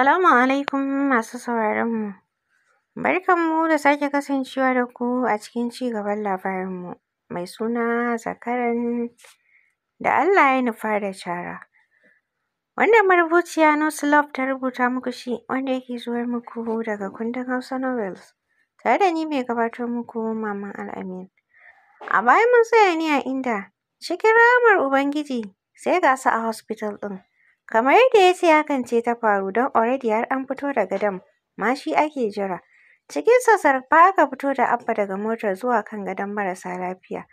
Salamu alaikum masu sauraronmu. Barkanmu da sake kasancewa da ku a cikin cigaban gaban labarinmu mai suna zakaran da Allah ya nufa da cara. Wannan marubuciya Nuslob ta rubuta muku shi wanda yake zuwa muku daga kundin Hausa Novels tare da ni mai gabatar muku Maman Al'amin. A baya mun tsaya ne a inda cikin ramar Ubangiji sai ga su a hospital ɗin. Kamar yadda ya ce hakan ce ta faru don already har an fito daga dam ma shi ake jira. Cikin sassarfa aka fito da Abba daga motar zuwa kan gadon marasa lafiya.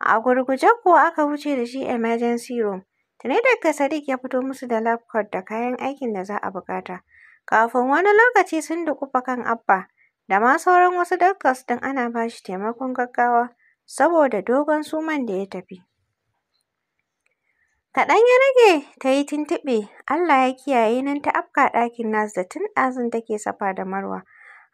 A gurguje kuwa aka wuce da shi emergency room. Tuni daga Sadiq ya fito musu da lab coat da kayan aikin da za a buƙata. Kafin wani lokaci sun dukufa kan Abba da ma sauran wasu doctors din ana ba shi taimakon gaggawa saboda dogon suman da ya tafi. Kaɗan ya rage ta yi tuntuɓe, Allah ya kiyaye nan ta afka ɗakin nas da tun ɗazun take safa da marwa.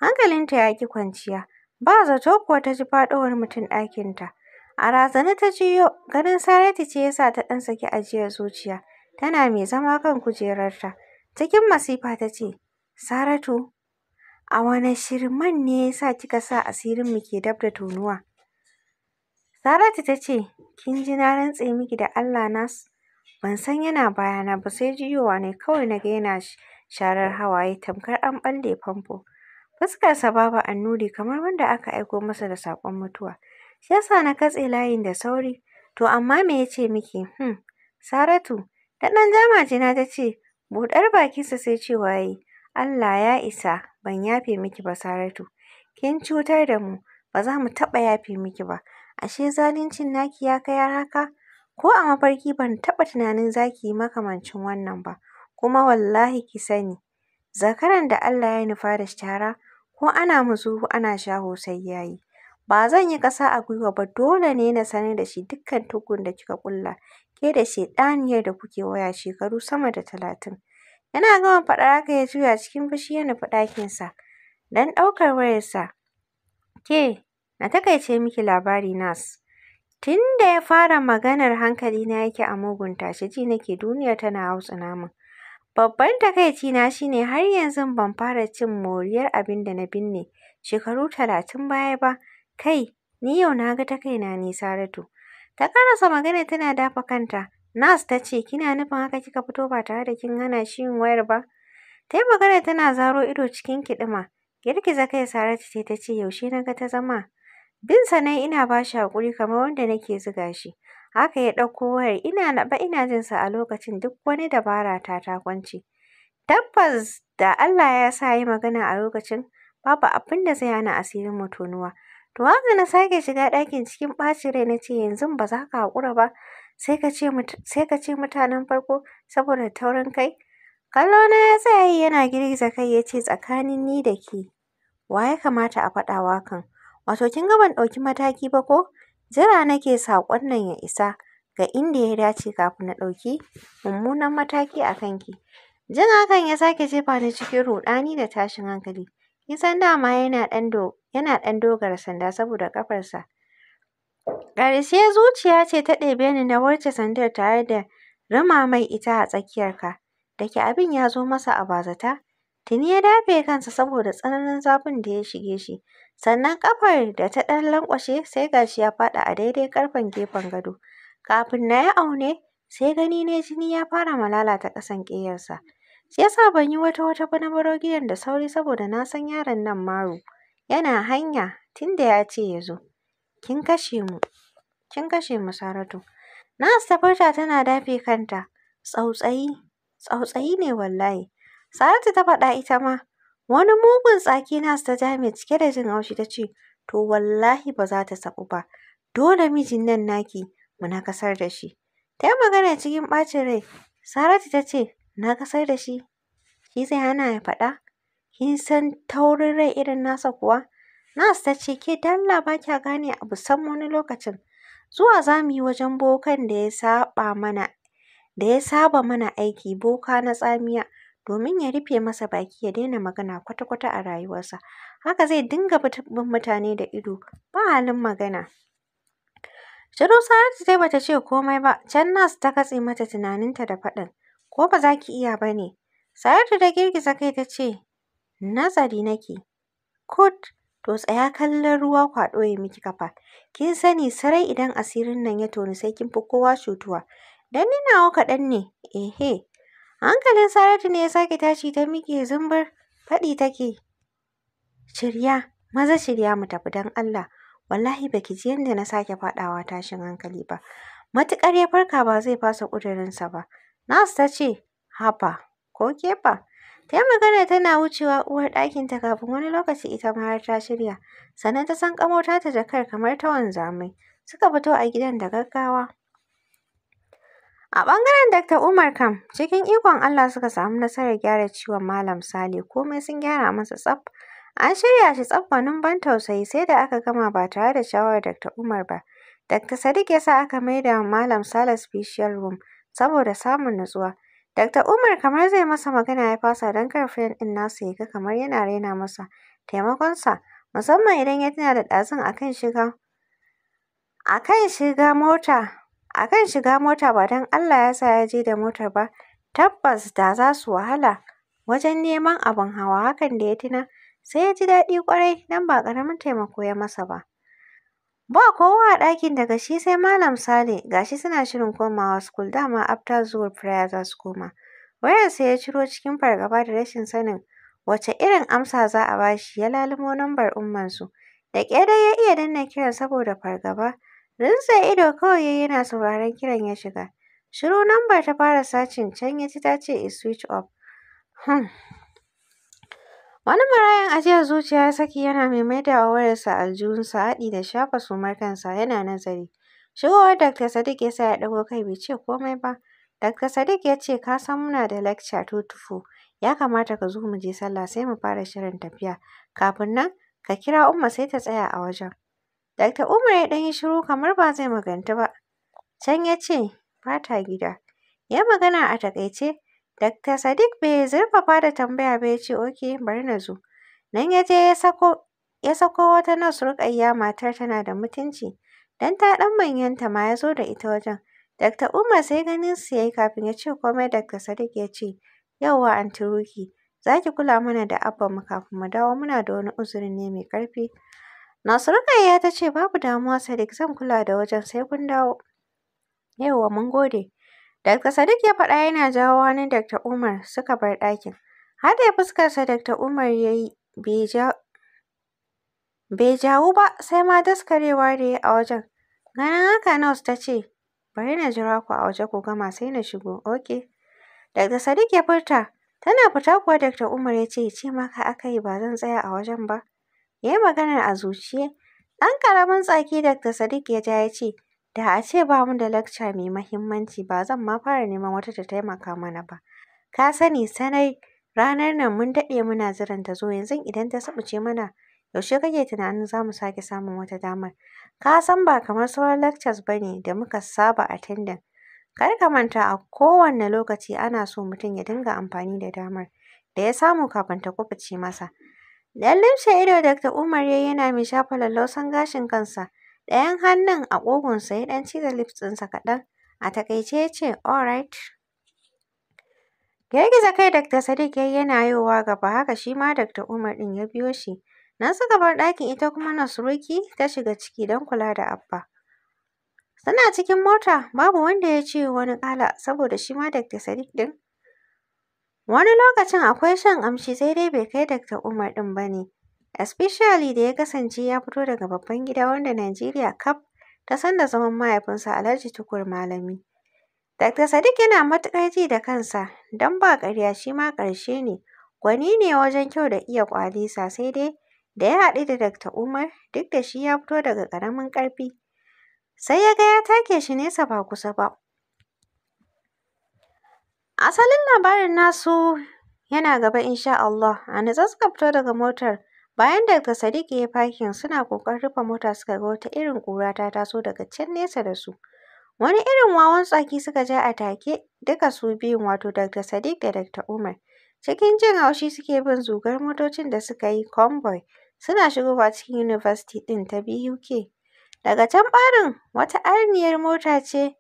Hankalinta ya ƙi kwanciya, ba zato kuwa ta ji faɗuwar mutum ɗakinta. A razana ta jiyo, ganin Saratu ce ya sa ta ɗan saki ajiyar zuciya, tana mai zama kan kujerarta. Cikin masifa ta ce, Saratu, a shirin man ne ya sa kika sa asirinmu ke dab da tonuwa? Saratu ta ce, kin ji na rantse miki da Allah na Ban san yana bayana ba sai jiyowa ne kawai na ga yana sharar hawaye tamkar an ɓalle famfo. sa babu annuri kamar wanda aka aiko masa da saƙon mutuwa. Shi yasa na katse layin da sauri. To amma me ya ce miki? Hmm. Saratu, ta ɗan jama'a na ta ce, buɗar bakinsa sai cewa ya Allah ya isa, ban yafe miki ba Saratu. Kin cutar da mu, ba za mu taɓa yafe miki ba. Ashe zaluncin naki ya kai haka? Ko a mafarki ban taɓa tunanin za ki yi makamancin wannan ba, kuma wallahi ki sani, zakaran da Allah ya nufa da shara ko ana muzuru ana shaho sai ya yi. Ba zan yi ƙasa a gwiwa ba dole ne na sanar da shi dukkan tukun da kika ƙulla ke da shaiɗaniyar da kuke waya shekaru sama da talatin. Yana gama faɗa haka ya juya cikin fushi ya nufi ɗakinsa don ɗaukar wayarsa. Ke, na taƙaice miki labari Nas. Tun da ya fara maganar hankali na yake a mugun shi ji nake duniya tana hautsina min. Babban takaicina shi ne har yanzu ban fara cin moriyar abin da na binne shekaru talatin baya ba. Kai, ni yau na ga ta kaina ne Saratu. Ta karasa magana tana dafa kanta. Nas ta ce, kina nufin haka kika fito ba tare da kin hana shi yin wayar ba? Ta yi magana tana zaro ido cikin kiɗima. Girgiza kai Saratu ce ta ce, yaushe na ga ta zama Bin na ina ba shi haƙuri kamar wanda nake zuga shi. Haka ya ɗauko wayar ina ba ina jinsa a lokacin duk wani dabara ta ta kwance. Tabbas da Allah ya sa yi magana a lokacin babu abin da zai hana asirin mu tonuwa. To haka na sake shiga ɗakin cikin ɓacin rai na ce yanzu ba za ka haƙura ba sai ka ce mutanen farko saboda taurin kai. Kallona ya tsaya yi yana girgiza kai ya ce tsakanin ni da ke wa ya kamata a faɗawa kan? Wato kin ga ban ɗauki mataki ba ko? Jira nake saƙon nan ya isa ga inda ya dace kafin na ɗauki mummunan mataki a kanki. Jin hakan ya sake jefa ni cikin ruɗani da tashin hankali. Kin san dama yana ɗan yana ɗan dogara sanda saboda ƙafarsa. Ƙarshe zuciya ce ta ɗebe ni na wuce sandar tare da rama mai ita a tsakiyar ka. Da ke abin ya zo masa a bazata, tuni ya dafe kansa saboda tsananin zafin da ya shige shi. sannan ƙafar da ta ɗan lankwashe sai gashi ya faɗi a daidai ƙarfen gefen gado. Kafin na yi aune sai gani ne jini ya fara malala ta ƙasan ƙeyarsa. Shi yasa ban yi wata wata ba na baro gidan da sauri saboda na san yaron nan maro. yana hanya tunda ya ce ya zo. Kin kashe mu, kin kashe mu Saratu. Na ta furta tana dafe kanta. Tsautsayi, tsautsayi ne wallahi. Saratu ta faɗa ita ma. Wani mugun tsaki su ta cike da jin haushi ta ce, To wallahi ba za ta saɓu ba, dole mijin nan naki mu nakasar da shi. Ta yi magana cikin ɓacin rai, Saratu ta ce, na Nakasar da shi? Shi zai hana ya faɗa? Kin san taurin rai irin nasa kuwa? Nas ta ce, Ke dalla ba kya gane abu san wani lokacin. Zuwa za mu yi wajen bokan da ya saba mana aiki boka na tsamiya domin ya rufe masa baki ya daina magana kwata-kwata a rayuwarsa. Haka zai dinga bin mutane da ido ba halin magana. Shiru Saratu dai bata ce komai ba, can nas ta katse mata tunaninta da faɗin, ko ba za ki iya ba ne? Saratu da girgiza kai ta ce, nazari nake. Kut, to tsaya kallon ruwa kwaɗo ya miki kafa. Kin sani sarai idan asirin nan ya toni sai kin fi kowa cutuwa. Dan nawa kaɗan ne, ehe, Hankalin Saratu ne ya sake tashi ta miƙe zumbar faɗi take. Shirya, maza shirya mu tafi don Allah. Wallahi ba ki ji yadda na sake faɗawa tashin hankali ba. Matuƙar ya farka ba zai fasa ƙudurinsa ba. Nas ta ce, haba, ko kefa. Ta yi magana tana wucewa uwar ɗakinta kafin wani lokaci ita ma har ta shirya. Sannan ta san ƙamota ta jakar kamar ta wanzamai. Suka fito a gidan da gaggawa. A ɓangaren Dr. Umar kam, cikin ikon Allah suka samu nasarar gyara ciwon Malam Sale, komai sun gyara masa tsaf. An shirya shi tsaf ban tausayi sai da aka gama ba tare da shawarar Dr. Umar ba. Dr. Sadiq ya sa aka maida wa Malam Sale special room saboda samun nutsuwa. Dr. Umar kamar zai masa magana ya fasa don kar friend ɗin nasu ya kamar yana raina masa taimakonsa, musamman idan ya tuna da ɗazun akan shiga akan shiga mota a kan shiga mota ba don Allah ya sa ya je da motar ba tabbas da za su wahala wajen neman abin hawa hakan da ya tuna sai ya ji daɗi ƙwarai don ba ƙaramin taimako ya masa ba. Ba kowa a ɗakin daga shi sai Malam Sale gashi suna shirin komawa school dama after zuwar prayer za su koma. Wayarsa ya ciro cikin fargaba da rashin sanin wace irin amsa za a bashi ya lalimo lambar ummansu. Da ƙyadai ya iya danna kiran saboda fargaba Rinsa ido kawai yayi yana sauraron kiran ya shiga. Shiru namba ta fara sacin can ya ci ta ce i switch off. Hmm. Wani marayan ajiyar zuciya ya saki yana mai maidawa wayarsa sa haɗi da shafa sumar kansa yana nazari. Shigowar Dr. Sadiq ya ya ɗago kai bai ce komai ba. Dr. Sadiq ya ce ka san muna da lecture tutufu. Ya kamata ka zo mu je sallah sai mu fara shirin tafiya. Kafin nan ka kira Umma sai ta tsaya a wajen. Dr. Umar ya ɗan yi shiru kamar ba zai magantu ba. Can ya ce, ba ta gida. Ya magana a taƙaice. Dr. Sadiq bai zurfafa da tambaya ba ya ce, ok, bari na zo. Nan ya je ya sako ya sako wata nas Ruƙayya matar tana da mutunci. Dan ta ɗan manyanta ma ya zo da ita wajen. Dr. Umar sai ganin su yi kafin ya ce komai Dr. Sadiq ya ce, yauwa Anti Ruki, za ki kula mana da Abba mu kafin mu dawo muna da wani uzuri ne mai ƙarfi. Nasu ya ta ce babu damuwa Sadiq zan kula da wajen sai kun dawo. Yauwa mun gode. Dr. Sadiq ya faɗa yana jawo wani Dr. Umar suka bar ɗakin. ya fuskarsa Dr. Umar ya yi bai jawo ba sai ma daskarewa da ya a wajen. Ganin haka Nurse ta ce bari na jira ku a waje ku gama sai na shigo, ok. Dr. Sadiq ya furta tana fita kuwa Dr. Umar ya ce ce maka aka yi ba zan tsaya a wajen ba. ya yi maganar a zuciye. Ɗan ƙaramin tsaki Dr. Sadiq ya ja ya ce, da a ce ba mu da lacca mai mahimmanci ba zan ma fara neman wata ta taimaka mana ba. Ka sani sanai ranar nan mun daɗe muna ziran ta zo yanzu idan ta saɓuce mana yaushe kake tunanin za mu sake samun wata damar. Ka san ba kamar sauran lectures ba ne da muka saba attending. Kar ka manta a kowane lokaci ana so mutum ya dinga amfani da damar da ya samu kafin ta kuɓuce masa. Lallimshe ido Dr. Umar ya yana mai shafa lallausan gashin kansa. Ɗayan hannun a ƙugunsa ya ɗan cire lips ɗinsa kaɗan. A takaice ya ce, alright. Girgiza kai Dr. Sadiq ya yi yana yowa gaba haka shi ma Dr. Umar ɗin ya biyo shi. Nan suka bar ɗakin ita kuma na suruki, ta shiga ciki don kula da Abba. Suna cikin mota babu wanda ya ce wani ƙala saboda shi ma Dr. Sadiq ɗin Wani lokacin akwai shan amshi sai dai bai kai Dr. Umar ɗin ba ne, especially da ya kasance ya fito daga babban gida wanda Najeriya kaf ta san da zaman mahaifinsa Alhaji Tukur Malami. Dr. Sadiq yana matuƙar ji da kansa don ba ƙarya shi ma ƙarshe ne, gwani ne wajen kyau da iya ƙwalisa sai dai da ya haɗu da Dr. Umar duk da shi ya fito daga ƙaramin ƙarfi, sai ya ga ya take shi nesa ba kusa ba Asalin labarin nasu yana gaba insha Allah. A suka fito daga motar bayan Dakta Sadiq ya yi fakin suna ƙoƙarin rufe mota suka ga wata irin ƙura ta taso daga can nesa da su. Wani irin wawan tsaki suka ja a take duka su biyun wato dr Sadiq da Dr. Umar. Cikin jin haushi suke bin zugar motocin da suka yi convoy suna shigowa cikin University ɗin ta BUK. Daga can ɓarin wata arniyar mota ce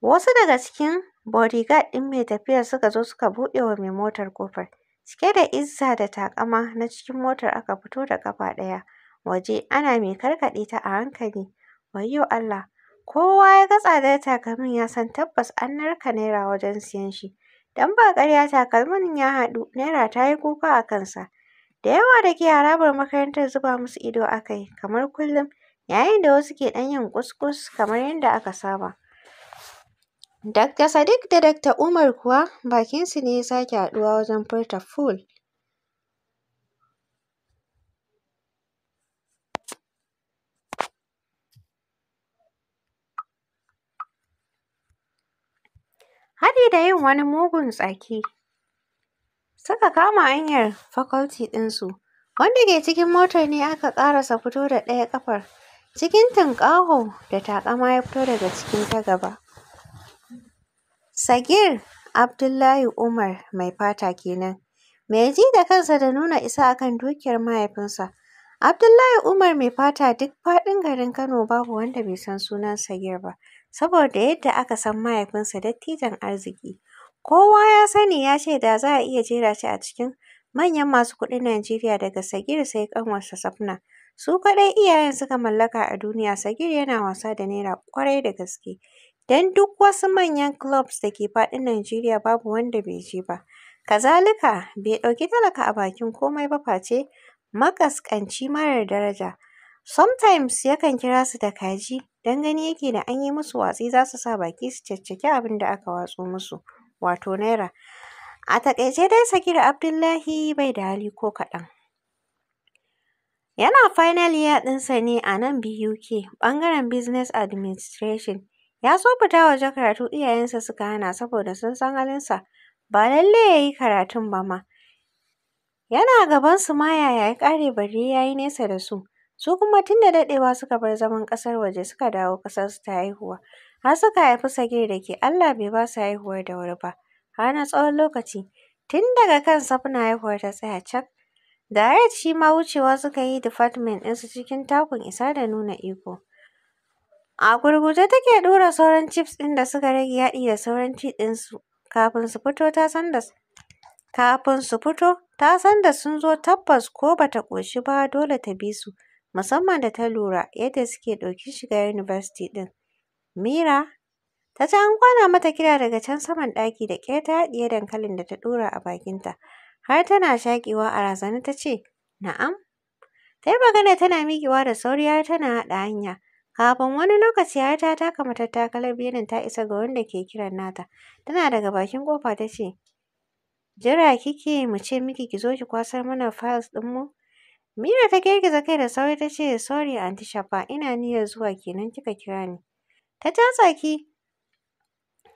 Wasu daga cikin bodyguard ɗin mai tafiyar suka zo suka buɗe wa mai motar ƙofar. Cike da izza da taƙama na cikin motar aka fito da ƙafa ɗaya waje ana mai karkaɗe ta a hankali. Wayyo Allah! Kowa ya ga tsadar takalmin ya san tabbas an narka Naira wajen siyan shi. Don ba ƙarya takalmin ya haɗu Naira ta yi kuka a kansa. Da yawa da ke harabar makarantar zuba musu ido aka yi kamar kullum yayin da wasu ke ɗan yin kuskus kamar yadda aka saba. Dr. Sadiq da Dr. Umar kuwa bakinsu ne ya sake haɗuwa wajen furta ful. Hadi da yin wani mugun tsaki. Suka kama hanyar faculty ɗinsu, wanda ke cikin motar ne aka ƙarasa fito da ɗaya ƙafar, cikin tunƙaho da taƙama ya fito daga cikin ta gaba. Sagir Abdullahi Umar Mai Fata kenan, mai ji da kansa da nuna isa akan dukiyar mahaifinsa. Abdullahi Umar Mai Fata duk faɗin garin Kano babu wanda bai san sunan Sagir ba, saboda yadda aka san mahaifinsa dattijon arziki. Kowa ya sani ya ce da za a iya jera shi a cikin manyan masu kuɗin Najeriya daga Sagir sai ƙanwarsa Safna. Su kaɗai iyayen suka mallaka a duniya, Sagir yana wasa da Naira ƙwarai da gaske. don duk wasu manyan clubs da ke faɗin Najeriya babu wanda bai je ba. Kazalika bai ɗauki talaka a bakin komai ba face makaskanci marar daraja. Sometimes yakan kira su da kaji don gani yake da an yi musu watsi za su sa baki su caccaki abin da aka watso musu, wato Naira. A taƙaice dai da Abdullahi bai da hali ko kaɗan. Yana final year ɗinsa ne a nan BUK, ɓangaren Business Administration. Ya so fita waje karatu iyayensa suka hana saboda sun san halinsa ba lallai ya yi karatun ba ma. Yana gabansu ma yaya ya ƙare bari ya yi nesa da su. Su kuma tun da daɗewa suka bar zaman ƙasar waje suka dawo ƙasarsu ta haihuwa. Har suka haifi Sagir da ke Allah bai ba su haihuwar da wuri ba. Har na tsawon lokaci. Tun daga kan safna haihuwar ta tsaya cak. Da shi ma wucewa suka yi department ɗinsu cikin takun isa da nuna iko. A gurguje take ɗora sauran chips ɗin da suka rage yaɗi da sauran din ɗinsu. Kafin su fito ta san da kafin su fito ta san da sun zo tabbas ko bata ƙoshi ba dole ta bi su. Musamman da ta lura yadda suke ɗauki shiga yunivasiti ɗin. Mira ta ji an kwana mata kira daga can saman ɗaki da ƙyar ta haɗiye dankalin da ta ɗora a bakinta. Har tana shaƙewa a razana tace na'am? tayi magana tana miƙewa da sauri har tana haɗa hanya. Kafin wani lokaci har ta taka matattakalar benin ta isa ga wanda ke kiran nata. Tana daga bakin kofa ta ce, Jira kike mu ce miki ki zo ki kwasar mana files ɗinmu? Mira ta girgiza kai da sauri ta ce, Sorry Aunty Shafa, ina niyyar zuwa kenan kika kira ni. Ta ja tsaki,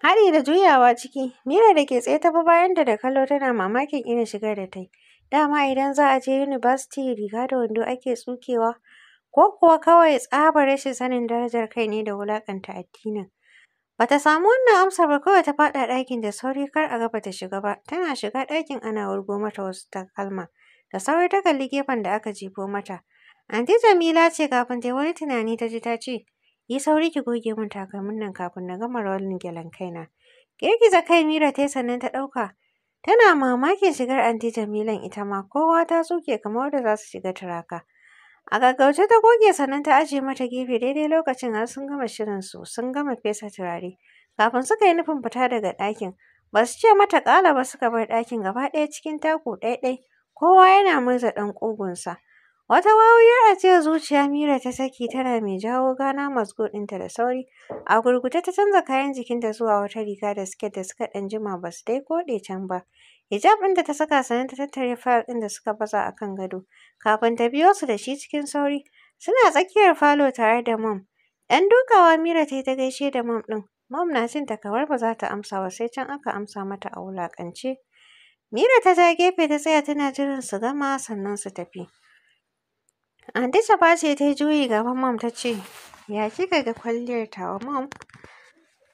haɗi da juyawa ciki. Mira da ke tsaye ta fi bayan da kallo tana mamakin irin shigar da ta yi. Dama idan za a je University riga da wando ake tsukewa. ko kuwa kawai tsabar rashin sanin darajar kai ne da wulakanta addinin. Bata samu wannan amsar ba kawai ta faɗa ɗakin da sauri kar a gaba ta shiga ba, tana shiga ɗakin ana wurgo mata wasu takalma, da sauri ta kalli gefen da aka jefo mata. Anti Jamila ce kafin ta wani tunani ta ji ta ce, yi sauri ki goge min takalmin nan kafin na gama rawalin gyalen kaina. Girgiza kai Mira ta sannan ta ɗauka. Tana mamakin shigar Anti Jamilan ita ma kowa ta tsuke kamar wadda za su shiga turaka. A gaggauce ta goge sannan ta ajiye mata gefe daidai lokacin har sun gama shirin su sun gama fesa turare. Kafin suka yi nufin fita daga ɗakin, ba su ce mata ƙala ba suka bar ɗakin gaba ɗaya cikin taku ɗaiɗai, kowa yana murza ɗan ƙugunsa. Wata wawuyar ajiyar zuciya Mira ta saki tana mai jawo gana mazgo ɗinta da sauri. A gurguje ta canza kayan jikinta zuwa wata riga da siket da suka ɗan jima ba su dai koɗe can ba. Hijab ɗin da ta saka sannan ta tattare fayil ɗin da suka baza a kan gado kafin ta biyo su da shi cikin sauri. Suna tsakiyar falo tare da mom. ‘Yan dukawa Mira ta yi ta gaishe da mom ɗin. Mom na jin ta kamar ba za ta amsa ba sai can aka amsa mata a wulaƙance. Mira ta ja gefe ta tsaya tana jiran su gama sannan su tafi. Anti Safa ce ta yi juyi gaban mom ta ce, ya kika ga kwalliyar tawa mom?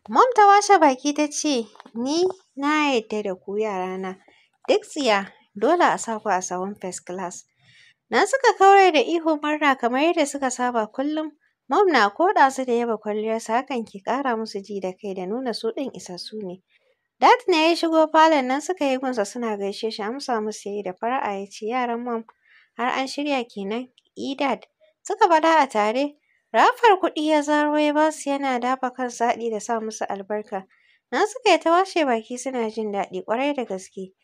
Mom ta washe baki ta ce, ni na yadda da ku yarana. Duk tsiya, dole a sa a sawun first class. Na suka kaurai da ihu murna kamar yadda suka saba kullum. Mom na koda su da yaba kwalliyarsa hakan ki kara musu ji da kai da nuna su ɗin isassu ne. Dad ne ya shigo falon nan suka yi gunsa suna gaishe shi amsa musu yayi da fara'a ya ce yaran mom har an shirya kenan. idad e, Suka faɗa a tare. Rafar kuɗi ya zaro ya ba su yana dafa kan saɗi da sa musu albarka. Nan suka yi ta washe baki suna jin daɗi ƙwarai da gaske.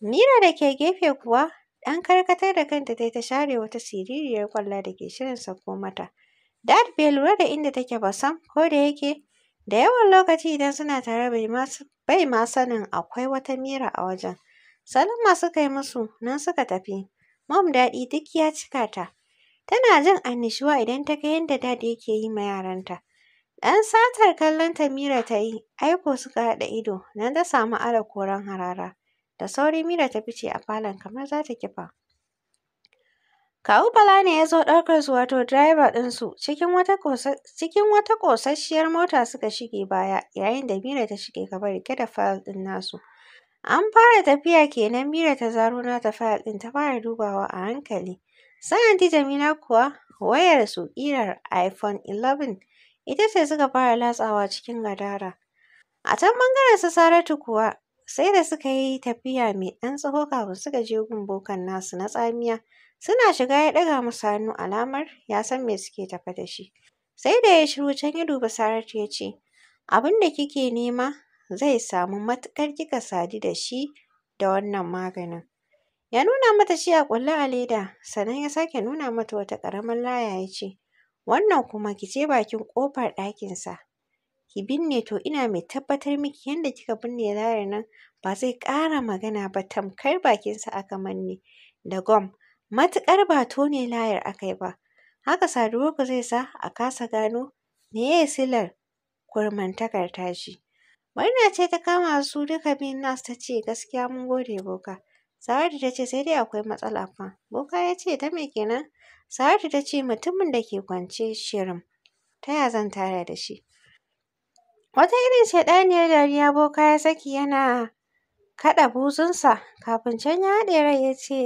Mira da ke gefe kuwa ɗan karkatar da kanta ta ta share wata siririyar ƙwalla da ke shirin sauko mata. Dad bai lura da inda take ba sam, ko da yake da yawan lokaci idan suna tare bai ma sanin akwai wata Mira a wajen. Salon masu yi musu, nan suka tafi. Mom daɗi duk ya cika ta. Tana jin annishuwa idan ta ga yadda dad yake yi ma yaranta. Ɗan satar kallon Mira ta yi, aiko suka haɗa ido, nan ta samu ala koren harara. Da sauri Mira ta fice a falon kamar za ta kifa. Kawu Bala ne ya zo ɗaukar su wato direba ɗinsu cikin wata ƙosasshiyar mota suka shige baya yayin da Mira ta shige gaba riƙe da fayil ɗin nasu. An fara tafiya kenan Mira ta zaro nata fayil ɗin ta fara dubawa a hankali. Sa'an Jamina kuwa wayar su ƙirar iPhone 11 ita ce suka fara latsawa cikin gadara. A can ɓangaren su Saratu kuwa Sai da suka yi tafiya mai ɗan tsawo kafin suka je gun nasu na tsamiya. Suna shiga ya ɗaga musu hannu alamar ya san me suke tafe da shi. Sai da ya shiru can ya duba Saratu ya ce, abin da kike nema zai samu matuƙar kika sadu da shi da wannan maganin. Ya nuna mata shi a ƙulle a leda, sannan ya sake nuna mata wata ƙaramin laya ya ce, wannan kuma ki je bakin ƙofar ɗakinsa ki binne to ina mai tabbatar miki yadda kika binne layar nan ba zai ƙara magana ba tamkar bakinsa aka manne da gwam matuƙar ba tone layar aka yi ba haka saduwarku zai sa a kasa gano meye silar kurmantakar tashi murna ce ta kama su duka biyun nasu ta ce gaskiya mun gode boka Saratu ta ce sai dai akwai matsala fa boka ya ce ta me kenan Saratu ta ce mutumin da ke kwance shirim ta ya zan tara da shi Wata irin shaɗaniyar dariya boka ya saki yana kaɗa buzunsa, kafin can ya haɗe rai ya ce,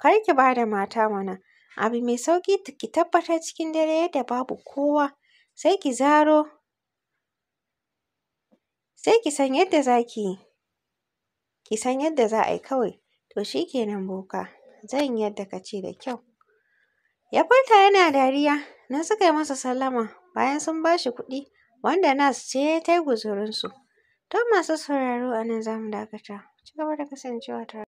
kar ki ba da mata mana, abu mai sauƙi ki tabbatar cikin dare yadda babu kowa, sai ki zaro, sai ki san yadda za ki ki san yadda za a yi kawai. To shi kenan boka, zan yadda ka ce da kyau. Ya furta yana dariya, na suka yi masa sallama, bayan sun ba shi kuɗi wanda nas ce ta yi guzurinsu. To masu sauraro a nan za mu dakata. Ci gaba da kasancewa tare.